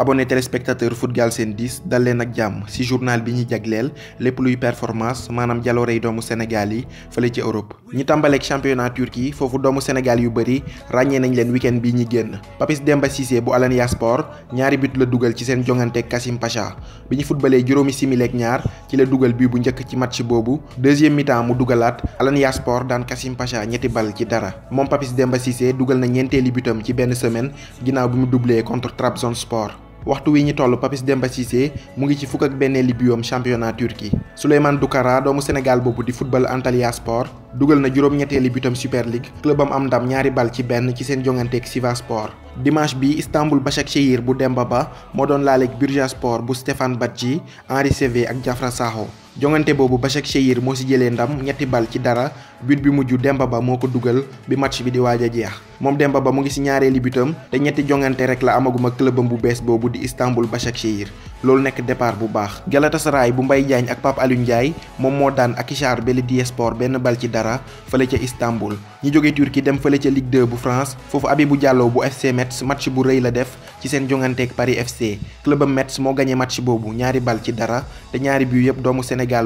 abonné téléspectateur Foot Galsen 10 dal leen ak jàmm ci journal bi ñu jagleel lépp luy performance maanaam jaloore yi doomu Sénégal yi fële ci Europe ñi tàmbaleeg championnat Turquie foofu doomu Sénégal yu bëri ràññee nañ leen week-end bi ñi génn Papis Demba bu Alanya Sport ñaari but la dugal ci seen jongante Kassim Pacha bi ñu futbalee juróomi simili ñaar ci la dugal bi bu njëkk ci match boobu deuxième mi mu dugalaat Alanya Sport daan Kassim Pacha ñetti bal ci dara moom Papis Demba dugal na ñeenteeli butam ci benn semaine ginnaaw bi mu doublé contre Trabzonspor waxtu wi ñu toll Papis Demba Cissé mu ngi ci fukk ak benn libiyoom championnat Turquie Souleymane Doukara doomu Sénégal boobu di futbal Antalya Sport dugal na juróom-ñetteeli butam Super League club am am ndam ñaari bal ci benn ci seen jonganteeg Siva Sport dimanche bi Istanbul Başakşehir bu Demba Ba moo doon laaleeg Bursaspor bu Stefan Badji Henri Saivet ak Diafra Sakho jongante boobu Bachak Chehir moo si jëlee ndam ñetti bal ci dara but bi mujj Demba Ba moo ko dugal bi match bi di waaj a jeex moom Demba Ba mu ngi si ñaareeli bitam te ñetti jongante rek la amaguma clubam bu bees boobu di Istanbul Bachak Chehir loolu nekk départ bu baax. Galatasaray bu Mbaye Diagne ak Pape Alioune Ndiaye moom moo daan Akhisar Belediyespor benn bal ci dara fële ca Istanbul. ñi jóge Turquie dem fële ca Ligue 2 bu France foofu Habibou Diallo bu FC Metz match bu rëy la def ci seen jonganteeg Paris FC club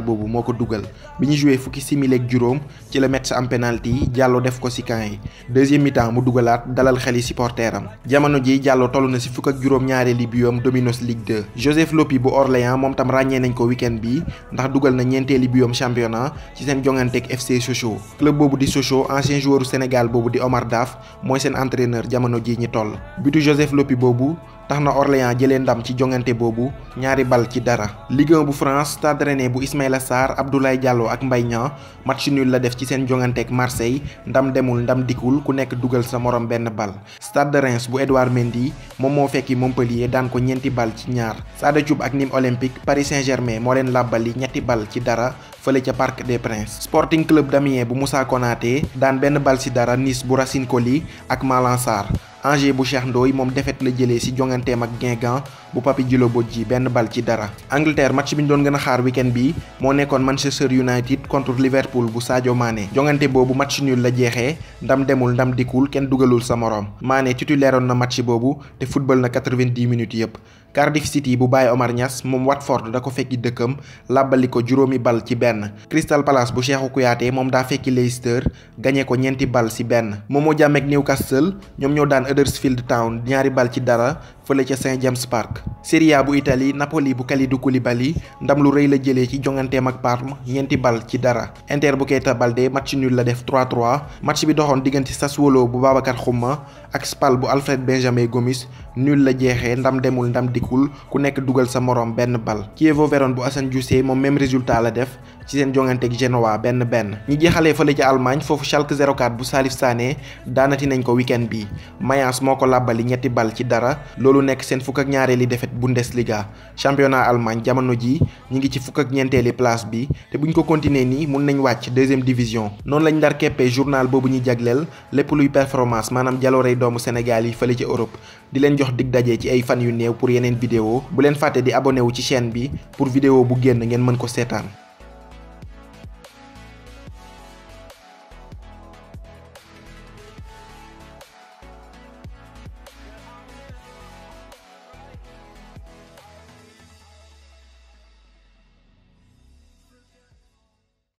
boobu moo ko dugal bi ñu joué fukki simili ak juróom ci yi Diallo def ko si camp yi deuxième mi-temps mu dugalaat dalal xeli supporter am jamono ji Diallo toll na si fukk ak juróom ñaareeli but am Dominos Ligue 2 Joseph Lopi bu Orléans moom tam ràññee nañ ko week-end dugal na ñeenteeli but am championnat ci seen jonganteeg FC Sochaux club boobu di Sochaux joueur Sénégal boobu di Omar Daf mooy seen entraîneur jamono ji ñi toll. bitu Joseph Lopi boobu tax na Orléans jëlee ndam ci jongante boobu ñaari bal ci dara. Ligue bu France Stade Rennais bu Ismaïla Sarr Abdoulaye Diallo ak Mbaye Niang match nul la def ci seen jongante ak Marseille ndam demul ndam dikkul ku nekk dugal sa morom benn bal. Stade de Reims bu Edouard Mendy moom moo fekki Montpellier daan ko ñeenti bal ci ñaar Sada Thioub ak Nîmes Olympique Paris moo leen làbbali ñetti bal ci fële ca Parc des Princes Sporting Club d'Amiens bu Moussa Konaté daan benn bal ci dara nis bu Racine Coly ak Malang Sarr Angers bu Cheikh Ndoy moom defet la jëlee ci jonganteem ak Guingamp bu Papy Djilo Bodji benn bal ci dara Angleterre match bi ñu doon gën a xaar week-end bi moo nekkoon Manchester United contre Liverpool bu Sadio Mané jongante boobu match nul la jeexee ndam demul ndam dikkul kenn dugalul sa moroom Mané titulaire oon na match boobu te football na 90 minutes yëpp Cardiff City bu Baye Omar Niass moom Watford da ko fekki dëkkam làbbali ko juróomi bal ci benn Crystal Palace bu Cheikhou Kouyaté moom daa fekki Leicester gañee ko ñeenti bal ci benn Momo Jàmm ak Newcastle ñoom ñoo daan Huddersfield Town ñaari bal ci dara fële ca Saint James Park. Serie A bu Italie Napoli bu Kalidou Koulibaly ndam lu rëy la jëlee ci jonganteem ak Parme ñeenti bal ci dara Inter bu Keita Balde match nul la def 3-3 match bi doxoon diggante Sassuolo bu Babacar Xuma ak Spal bu Alfred Benjamin Gomis nul la jeexee ndam demul ndam dikkul ku nekk dugal sa morom benn bal. Chievo Veron bu Assane Diouf moom même résultat la def. ci seen jongante ak Genoa benn benn ñi jeexalee fële ca almaañ foofu Schalke 04 bu Salif Sané daanati nañ ko weekend bi Mayence moo ko làbbali ñetti bal ci dara loolu nekk seen fukk ak ñaareeli défaite Bundesliga championnat Allemagne jamono ji ñi ngi ci fukk ak ñeenteeli place bi te buñ ko continuer nii mun nañ wàcc deuxième division noonu lañ dar keppee journal boobu ñuy jagleel lépp luy performance maanaam jaloorey doomu Sénégal yi fële ci Europe di leen jox dig dajee ci ay fan yu néew pour yeneen vidéo bu leen fàtte di wu ci chaîne bi pour vidéo bu génn ngeen mën ko seetaan